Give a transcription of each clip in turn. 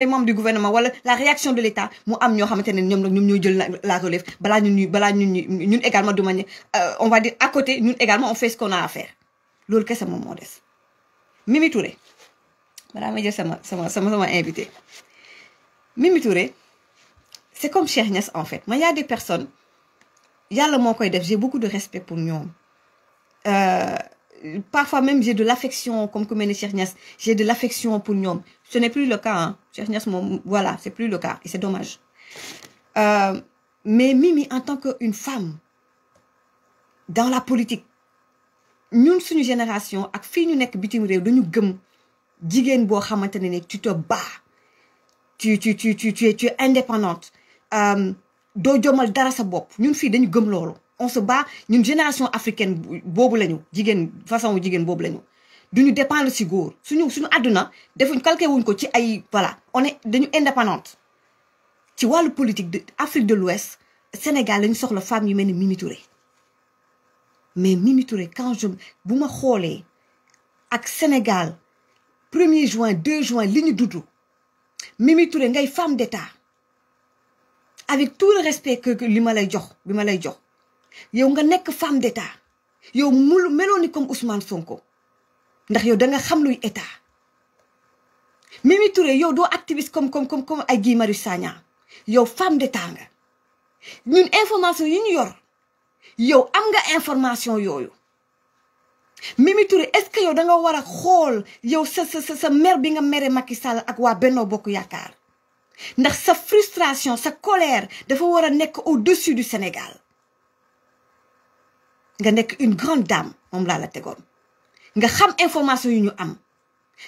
les membres du gouvernement wala la réaction de l'État mu am ñoo xamante ne ñoom nag ñoom ñooy jël la relève bala ñun ñuy balaa ñun ñu ñun également de manière euh, on va dire à côté ñun également on fait ce qu'on a faire loolu kese moom moo des Mimi Touré balaa ma jël sama sama sama sama invité Mimi Touré c'est comme Cheikh Niass en fait mais y a des personnes yàlla moo koy def j'ai beaucoup de respect pour ñoom euh, parfois même j'ai de l'affection comme ku mel ni Cheikh j'ai de pour ñoom ce le cas Cheikh Niass moom voilà c'est plus le cas et c'est dommage euh, mais Mimi en tant que une femme dans la politique ñun suñu génération ak fii ñu nekk bitim réew dañu gëm jigéen boo xamante ne ne tu te bats tu tu tu tu tu es indépendante euh, doo jomal dara sa bopp ñun fii dañu gëm loolu on se bat ñun génération africaine boobu lañu jigéen façon jigéen boobu lañu du duñu dépendre si góor suñu suñu àdduna defuñ calqué wuñ ko ci ay voilà on dañu indépendante ci wàll politique de Afrique de l'Ouest Sénégal lañu soxla femme yi mel ni Mimi mais Mimi Touré quand bu ma xoolee ak Sénégal premier juin deux juin li ñu dudd Mimi ngay femme d'État avec tout le respect que li ma lay jox bi ma lay jox yow nga nekk femme d'État yow mu meloon ni comme Ousmane Sonko ndax yow danga xam luy état Mimi Touré yow doo activiste comme comme kom comme ay Guy Marius Sagna yow femme d'état nga ñun information yi ñu yor yow am nga information yooyu Mimi Touré est-ce que yow da war a xool yow sa sa sa mer bi nga mere Macky Sall ak waa Benno Bokk Yaakaar ndax sa frustration sa colère dafa war a nekk au-dessus du Sénégal nga nekk une grande dame moom laa la tegoon. nga xam information yu ñu am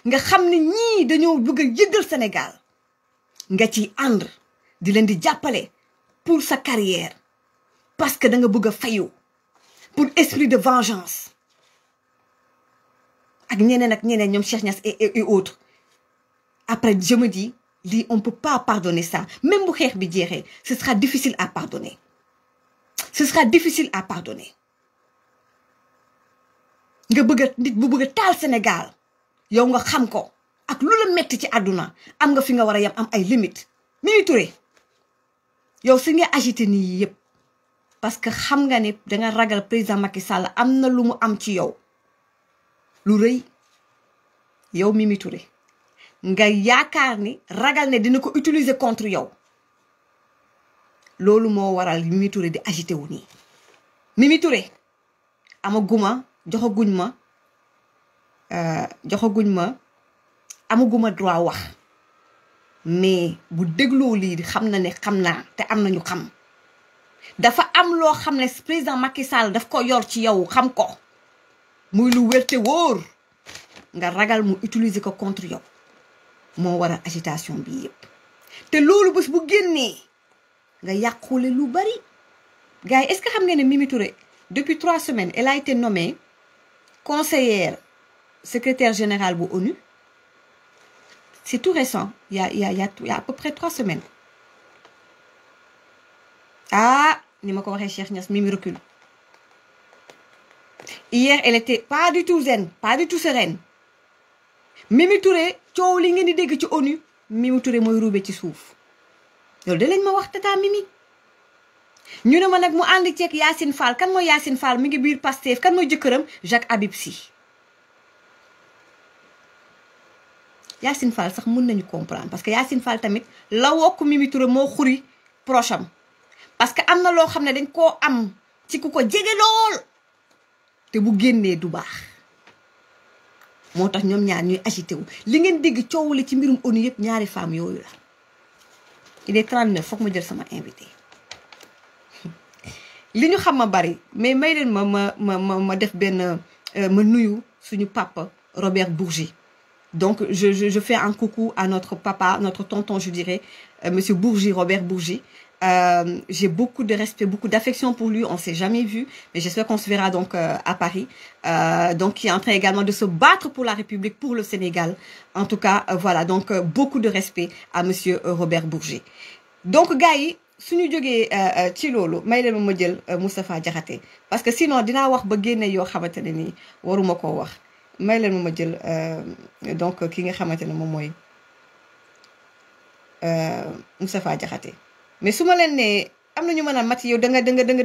nga xam ne ñii dañoo bëgg a yëgal Sénégal nga ci ànd di leen di jàppale pour sa carrière parce que da nga bëgg a fayu pour esprit de vengeance ak ñeneen ak ñeneen ñoom Cheikh Niass et autres après je me dis lii on peut pas pardonner ça même bu xeex bi jeexee ce sera difficile à pardonner ce sera difficile à pardonner nga bëgg nit bu bëgg a taal Sénégal yow nga xam ko ak lu la metti ci àdduna am nga fi nga war a yem am ay limite Mimi yow si nga agité nii yëpp parce que xam nga ne danga ragal président Macky Sall am na lu mu am ci yow lu rëy yow Mimi Touré nga yaakaar ni ragal ne dina ko utiliser contre yow loolu moo waral Mimi Touré di agité wu nii Mimi Touré ama guma joxaguñ ma euh, joxaguñ ma amaguma droit wax mais bu dégloo lii xam na ne xam naa te am nañu xam dafa am loo xam ne président Macky Sall daf ko yor ci yow xam ko muy lu wérte wóor nga ragal mu utiliser ko contre yow moo waral agitation bi yëpp te loolu bés bu génnee nga yàqule lu bari gars yi est-ce que xam ngeen ne Mimi Touré depuis trois semaines elle a été conseillère secrétaire général bu ONU c'est tout récent ya y a il y a a à peu près trois semaines ah ni ma ko waxee Cheikh Niass mi mu recule hier elle était pas du tout zen pas du tout sereine Mimi Touré coow li ngeen di dégg ci ONU Mimi Touré mooy ruube ci suuf loolu da lañ ma wax tata Mimi. ñu ne ma nag mu ànd ceeg Yacine Fall kan mooy Yacine Fall mu ngi biir Pastef kan mooy jëkkëram Jacques Habib Sy Yacine Fall sax mun nañu comprendre parce que Yacine Fall tamit la wokk Mimi moo xuri proche am parce que am na loo xam ne dañ koo am ci ku ko jege lool te bu génnee du baax moo tax ñoom ñaar ñuy agité wu li ngeen dégg coow li ci mbirum ONU yëpp ñaari femmes yooyu la il est 39 foog ma jël sama invité li ñu xam ma bari mais may leen ma ma ma ma ma def benn euh, ma nuyu suñu papa Robert Bourgi donc je je je fais un coucou à notre papa notre tonton je dirais euh, monsieur Bourgi Robert Bourgi euh, j'ai beaucoup de respect beaucoup d'affection pour lui on s'est jamais vu mais j'espère qu'on se verra donc euh, à Paris euh, donc qui est en train également de se battre pour la République pour le Sénégal en tout cas voilà donc beaucoup de respect à monsieur Robert Bourgi donc gars su ñu jógee euh, euh, ci loolu may leen ma jël euh, Moustapha Diakhaté parce que sinon dinaa wax ba génne yoo xamante ne nii waruma koo wax may leen ma jël donc ki nga xamante ne moom mooy Moustapha Diakhaté mais su ma leen am na ñu mën a mat yow da nga da